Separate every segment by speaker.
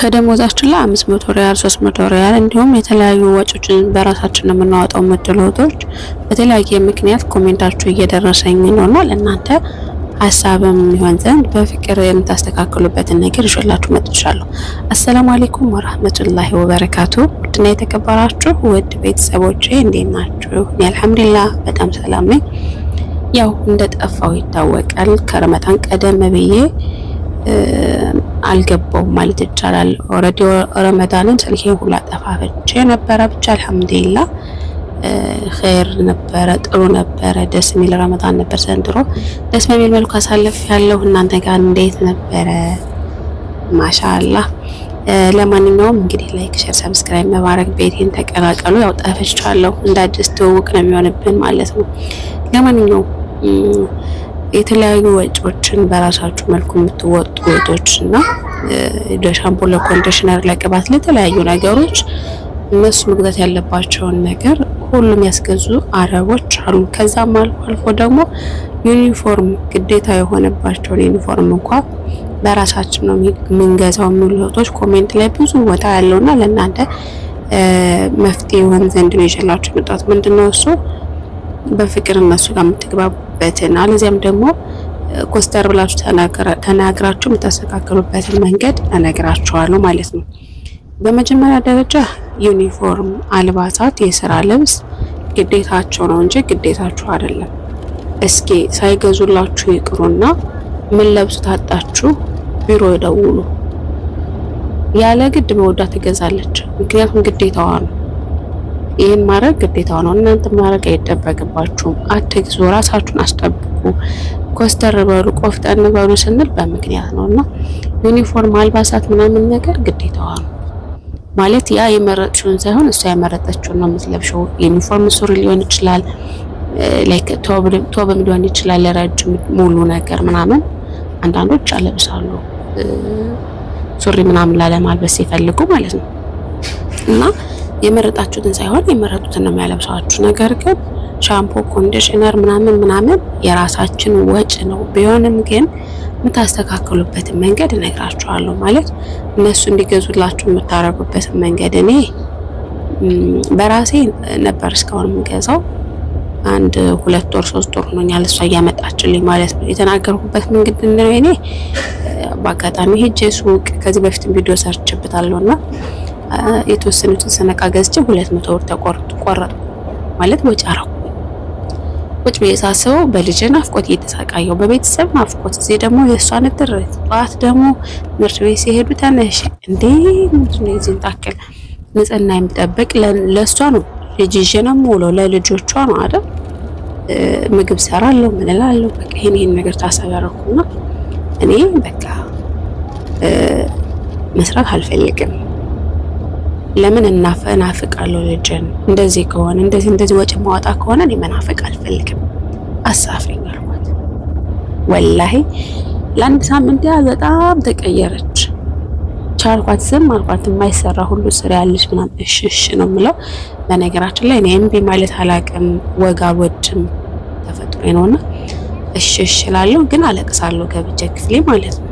Speaker 1: ከደሞዛችን ላይ 500 ሪያል 300 ሪያል እንዲሁም የተለያዩ ወጪዎችን በራሳችን የምናወጣው ምድል ወጦች በተለያየ ምክንያት ኮሜንታችሁ እየደረሰኝ ነውና ለእናንተ ሀሳብም ይሆን ዘንድ በፍቅር የምታስተካክሉበትን ነገር ይዤላችሁ መጥቻለሁ። አሰላሙ አለይኩም ወራህመቱላሂ ወበረካቱ። ውድና የተከበራችሁ ውድ ቤተሰቦቼ እንዴት ናችሁ? እኔ አልሐምዱሊላህ በጣም ሰላም ነኝ። ያው እንደ እንደጠፋው ይታወቃል። ከረመዳን ቀደም ብዬ አልገባውም ማለት ይቻላል። ኦልሬዲ ረመዳንን ስልኬን ሁላ ጠፋፍቼ ነበረ። ብቻ አልሐምዱሊላ ኸይር ነበረ፣ ጥሩ ነበረ፣ ደስ የሚል ረመዳን ነበር ዘንድሮ። ደስ በሚል መልኩ አሳለፍ ያለው እናንተ ጋር እንዴት ነበረ? ማሻአላህ ለማንኛውም እንግዲህ ላይክ፣ ሼር፣ ሰብስክራይብ መባረክ ቤቴን ተቀላቀሉ። ያው ጠፍቻለሁ፣ እንደ አዲስ ትውውቅ ነው የሚሆንብን ማለት ነው። ለማንኛውም የተለያዩ ወጪዎችን በራሳችሁ መልኩ የምትወጡ ወጦች እና ለሻምፖ፣ ለኮንዲሽነር፣ ለቅባት፣ ለተለያዩ ነገሮች እነሱ መግዛት ያለባቸውን ነገር ሁሉም ያስገዙ አረቦች አሉ። ከዛም አልፎ አልፎ ደግሞ ዩኒፎርም ግዴታ የሆነባቸውን ዩኒፎርም እንኳ በራሳችን ነው የምንገዛው የሚሉ እህቶች ኮሜንት ላይ ብዙ ቦታ ያለውና ለእናንተ መፍትሄ የሆን ዘንድ ነው የሸላቸው የመጣሁት ምንድነው እሱ በፍቅር እነሱ ጋር የምትግባቡበትን አለዚያም ደግሞ ኮስተር ብላችሁ ተናግራችሁ የምታስተካከሉበትን መንገድ እነግራችኋለሁ ማለት ነው። በመጀመሪያ ደረጃ ዩኒፎርም አልባሳት፣ የስራ ልብስ ግዴታቸው ነው እንጂ ግዴታችሁ አይደለም። እስኪ ሳይገዙላችሁ ይቅሩና ምን ለብሱ ታጣችሁ ቢሮ ይደውሉ። ያለ ግድ መወዳ ትገዛለች፣ ምክንያቱም ግዴታዋ ነው። ይህን ማድረግ ግዴታው ነው። እናንተ ማድረግ አይጠበቅባችሁም። አትግዙ፣ ራሳችሁን አስጠብቁ፣ ኮስተር በሉ፣ ቆፍጠን በሉ ስንል በምክንያት ነው እና ዩኒፎርም፣ አልባሳት ምናምን ነገር ግዴታዋ ነው ማለት ያ የመረጥሽውን ሳይሆን እሷ የመረጠችውን ነው የምትለብሸው። ዩኒፎርም ሱሪ ሊሆን ይችላል ላይክ ቶብም ሊሆን ይችላል ረጅም ሙሉ ነገር ምናምን አንዳንዶች አለብሳሉ ሱሪ ምናምን ላለማልበስ ሲፈልጉ ማለት ነው እና የመረጣችሁትን ሳይሆን የመረጡትን ነው የሚያለብሳችሁ። ነገር ግን ሻምፖ፣ ኮንዲሽነር ምናምን ምናምን የራሳችን ወጭ ነው። ቢሆንም ግን የምታስተካክሉበትን መንገድ እነግራችኋለሁ። ማለት እነሱ እንዲገዙላችሁ የምታደርጉበትን መንገድ እኔ በራሴ ነበር እስካሁን የምገዛው። አንድ ሁለት ወር ሶስት ወር ሆኖኛል፣ እሷ እያመጣችልኝ ማለት ነው። የተናገርኩበት መንገድ ነው እኔ በአጋጣሚ ሄጄ ሱቅ ከዚህ በፊት ቪዲዮ ሰርችበታለሁ እና የተወሰኑትን ሰነቃ ገዝቼ ሁለት መቶ ብር ተቆርጡ ማለት ወጪ አረኩ። ቁጭ ብዬ ሳስበው በልጅ ናፍቆት እየተሰቃየው በቤተሰብ ናፍቆት፣ እዚህ ደግሞ የእሷ ንድር፣ ጠዋት ደግሞ ትምህርት ቤት ሲሄዱ ተነሽ እንዴ ምንድነው የዚህን ታክል ንጽህና የሚጠብቅ ለእሷ ነው ልጅ ይዤ ነው የምውለው፣ ለልጆቿ ነው አይደል? ምግብ ሰራለሁ፣ ምን እላለሁ፣ በቃ ይሄን ይሄን ነገር ታሰበረኩና እኔ በቃ መስራት አልፈልግም ለምን እናፈናፍቃለሁ ልጅን እንደዚህ ከሆነ እንደዚህ እንደዚህ ወጪ ማውጣ ከሆነ እኔ መናፈቅ አልፈልግም አሳፍሪኝ አልኳት። ወላሂ ለአንድ ሳምንት ያህል በጣም ተቀየረች። ቻልኳት፣ ዝም አልኳት። የማይሰራ ሁሉ ስራ ያለች ምናምን እሺ እሺ ነው የምለው። በነገራችን ላይ እኔ እምቢ ማለት አላቅም፣ ወጋ ወድም ተፈጥሮ ነውና እሺ እሺ እላለሁ፣ ግን አለቅሳለሁ ገብቼ ክፍሌ ማለት ነው።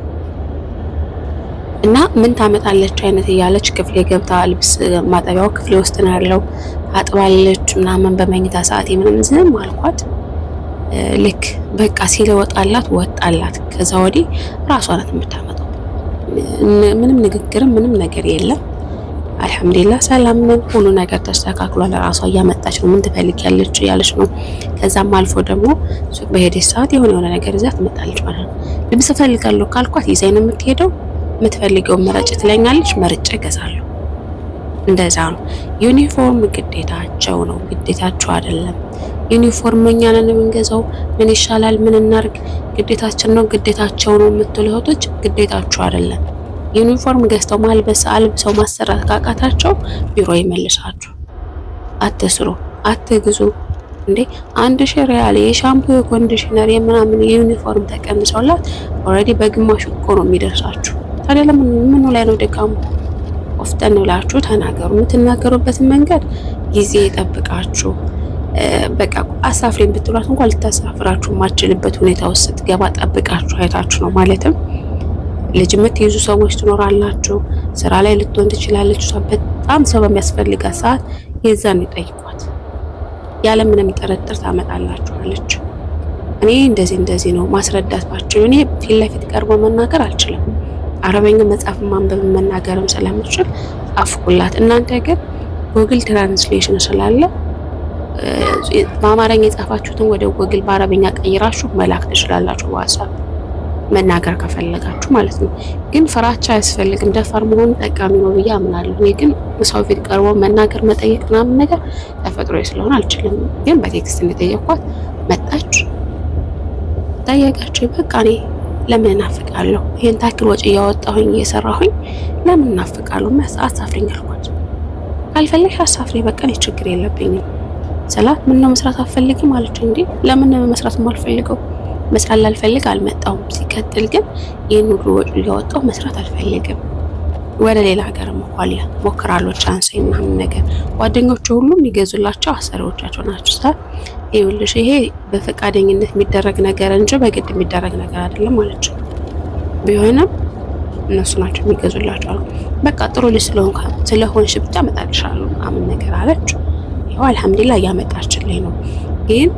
Speaker 1: እና ምን ታመጣለች አይነት እያለች ክፍሌ ገብታ ልብስ ማጠቢያው ክፍሌ ውስጥ ነው ያለው አጥባለች ምናምን። በመኝታ ሰዓት ምናምን ዝም አልኳት። ልክ በቃ ሲለወጣላት ወጣላት። ከዛ ወዲህ ራሷ ናት የምታመጣው። ምንም ንግግርም ምንም ነገር የለም። አልሐምዱሊላህ ሰላም ነው። ሁሉ ነገር ተስተካክሏል። ራሷ እያመጣች ነው ምን ያለች እያለች ነው። ከዛም አልፎ ደግሞ ሱቅ በሄደች ሰዓት የሆነ የሆነ ነገር ይዛ ትመጣለች ማለት ነው። ልብስ እፈልጋለሁ ካልኳት ይዛኝ ነው የምትሄደው። የምትፈልገውን መረጭ ትለኛለች፣ መርጬ እገዛለሁ። እንደዛ ነው። ዩኒፎርም ግዴታቸው ነው፣ ግዴታቸው አይደለም። ዩኒፎርም እኛ ነን የምንገዛው። ምን ይሻላል፣ ምን እናርግ፣ ግዴታችን ነው፣ ግዴታቸው ነው የምትሉ እህቶች ግዴታቸው አይደለም። ዩኒፎርም ገዝተው ማልበስ አልብሰው ማሰራት ካቃታቸው ቢሮ ይመልሳችሁ። አትስሩ፣ አትግዙ። እንዴ አንድ ሺህ ሪያል የሻምፑ የኮንዲሽነር የምናምን የዩኒፎርም ተቀንሰውላት ኦልሬዲ በግማሽ እኮ ነው የሚደርሳችሁ። ታዲያ ለምኑ ላይ ነው ድካሙ? ቆፍጠን ብላችሁ ተናገሩ። የምትናገሩበትን መንገድ ጊዜ ጠብቃችሁ በቃ አሳፍሬን ብትሏት እንኳን ልታሳፍራችሁ የማችልበት ሁኔታ ውስጥ ስትገባ ጠብቃችሁ አይታችሁ ነው ማለትም ልጅ የምትይዙ ሰዎች ትኖራላችሁ። ስራ ላይ ልትሆን ትችላለች። በጣም ሰው በሚያስፈልጋት ሰዓት የዛን ይጠይቋት፣ ያለምንም ጥርጥር ታመጣላችኋለች። እኔ እንደዚህ እንደዚህ ነው ማስረዳት ባችሁ እኔ ፊት ለፊት ቀርቦ መናገር አልችልም አረበኛ መጽሐፍ ማንበብ መናገርም ስለምችል ጻፍኩላት። እናንተ ግን ጎግል ትራንስሌሽን ስላለ በአማርኛ የጻፋችሁትን ወደ ጎግል በአረበኛ ቀይራችሁ መላክ ትችላላችሁ። በዋትሳፕ መናገር ከፈለጋችሁ ማለት ነው። ግን ፍራቻ አያስፈልግም። ደፋር መሆኑ ጠቃሚ ነው ብዬ አምናለሁ። እኔ ግን ሰው ፊት ቀርቦ መናገር መጠየቅ ምናምን ነገር ተፈጥሮ ስለሆነ አልችልም። ግን በቴክስት እንደጠየኳት መጣች፣ ጠየቀችኝ። በቃ እኔ ለምን እናፍቃለሁ? ይህን ታክል ወጪ እያወጣሁኝ እየሰራሁኝ ለምን እናፍቃለሁ? መስ አሳፍሪኝ አልኳት። ካልፈለግሽ አሳፍሪ፣ በቀን ችግር የለብኝም ስላት ነው መስራት አልፈልግም አለች። እንዴ ለምን መስራት አልፈልገው መስራት ላልፈልግ አልመጣውም። ሲቀጥል ግን ይህን ሁሉ ወጪ እያወጣሁ መስራት አልፈልግም። ወደ ሌላ ሀገር መኳል ሞክራለሁ፣ ቻንስ ምናምን ነገር ጓደኞቹ ሁሉም የሚገዙላቸው አሰሪዎቻቸው ናቸው። ይኸውልሽ ይሄ በፈቃደኝነት የሚደረግ ነገር እንጂ በግድ የሚደረግ ነገር አይደለም አለችው። ቢሆንም እነሱ ናቸው የሚገዙላቸው አሉ። በቃ ጥሩ ልጅ ስለሆንክ ስለሆንሽ ብቻ እመጣልሻለሁ ምናምን ነገር አለችው። ይኸው አልሐምዱሊላህ እያመጣችልኝ ነው። ግን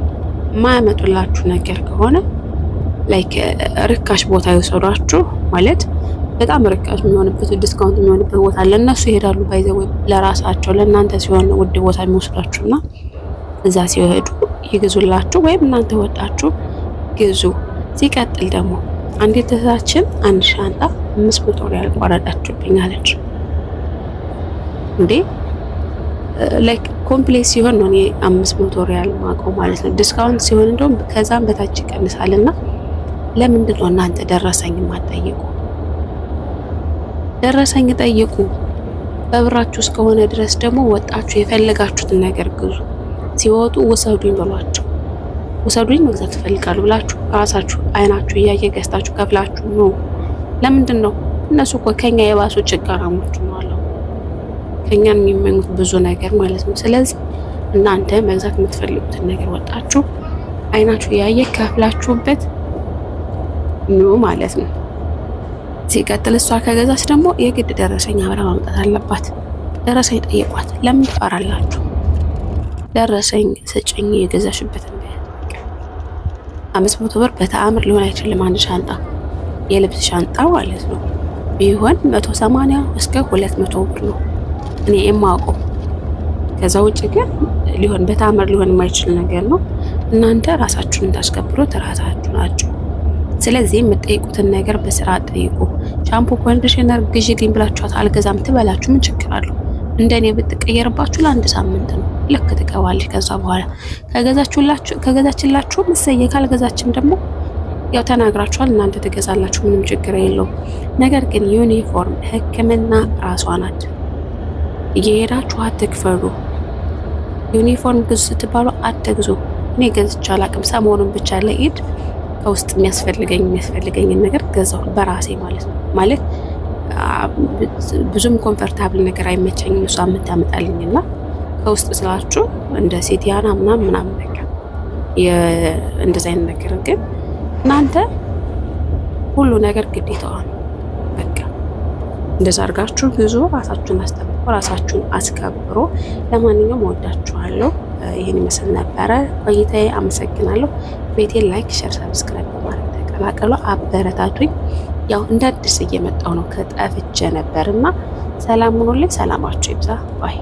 Speaker 1: ማያመጡላችሁ ነገር ከሆነ ላይክ ርካሽ ቦታ የወሰዷችሁ ማለት በጣም ርካሽ የሚሆንበት ዲስካውንት የሚሆንበት ቦታ ለእነሱ ይሄዳሉ። ባይዘ ለራሳቸው ለእናንተ ሲሆን ውድ ቦታ የሚወስዷችሁ እና እዛ ሲሄዱ ይግዙላችሁ ወይም እናንተ ወጣችሁ ግዙ። ሲቀጥል ደግሞ አንዲት እህታችን አንድ ሻንጣ አምስት መቶ ሪያል ቆረጠችብኝ አለች። እንዴ ላይክ ኮምፕሌት ሲሆን ነው እኔ አምስት መቶ ሪያል ማውቀው ማለት ነው። ዲስካውንት ሲሆን እንደውም ከዛም በታች ይቀንሳልና ለምንድን ነው እናንተ ደረሰኝ ማጠይቁ? ደረሰኝ ጠይቁ። በብራችሁ እስከሆነ ድረስ ደግሞ ወጣችሁ የፈለጋችሁትን ነገር ግዙ። ሲወጡ ውሰዱኝ በሏቸው። ውሰዱኝ መግዛት ትፈልጋሉ ብላችሁ ራሳችሁ አይናችሁ እያየ ገዝታችሁ ከፍላችሁ ኑ። ለምንድን ነው እነሱ እኮ ከኛ የባሱ ችጋራሞች ነው አለው። ከኛን የሚመኙት ብዙ ነገር ማለት ነው። ስለዚህ እናንተ መግዛት የምትፈልጉትን ነገር ወጣችሁ አይናችሁ እያየ ከፍላችሁበት ኑ ማለት ነው። ሲቀጥል እሷ ከገዛች ደግሞ የግድ ደረሰኝ አብራ ማምጣት አለባት። ደረሰኝ ጠይቋት። ለምን ትፈራላችሁ? ደረሰኝ ስጭኝ የገዛሽበትን አምስት መቶ ብር በተአምር ሊሆን አይችልም። አንድ ሻንጣ የልብስ ሻንጣ ማለት ነው ቢሆን መቶ ሰማንያ እስከ ሁለት መቶ ብር ነው እኔ የማውቀው። ከዛ ውጭ ግን ሊሆን በተአምር ሊሆን የማይችል ነገር ነው። እናንተ ራሳችሁን እንዳስከብሩት ራሳችሁ ናችሁ። ስለዚህ የምትጠይቁትን ነገር በስራ ጠይቁ። ሻምፖ ኮንዲሽነር ግዢልኝ ብላችኋት አልገዛም ትበላችሁ ምን ችግር አለው? እንደኔ እኔ ብትቀየርባችሁ ለአንድ ሳምንት ነው። ልክ ትገባለች። ከዛ በኋላ ከገዛችሁላችሁ ከገዛችላችሁ መሰየ ካልገዛችም ደግሞ ያው ተናግራችኋል፣ እናንተ ትገዛላችሁ፣ ምንም ችግር የለው። ነገር ግን ዩኒፎርም፣ ህክምና ራሷ ናት። እየሄዳችሁ አትክፈሉ። ዩኒፎርም ግዙ ስትባሉ አትግዙ። እኔ ገዝቼ አላቅም። ሰሞኑን ብቻ ለኢድ ከውስጥ የሚያስፈልገኝ የሚያስፈልገኝን ነገር ገዛሁ በራሴ ማለት ነው። ማለት ብዙም ኮንፈርታብል ነገር አይመቸኝም እሷ የምታመጣልኝና ከውስጥ ስላችሁ እንደ ሴቲያና ምናምን ምናምን ነገር እንደዚህ አይነት ነገር ግን እናንተ ሁሉ ነገር ግዴታዋ ነው። በቃ እንደዛ አድርጋችሁ ብዙ ራሳችሁን አስጠብቆ ራሳችሁን አስከብሮ። ለማንኛውም ወዳችኋለሁ። ይህን ይመስል ነበረ ቆይታዬ። አመሰግናለሁ። ቤቴን ላይክ፣ ሸር፣ ሰብስክራይብ በማድረግ ተቀላቀሉ፣ አበረታቱኝ። ያው እንደ አዲስ እየመጣው ነው። ከጠፍቼ ነበር እና ሰላም ሁኑልኝ። ሰላማችሁ ይብዛ ባይ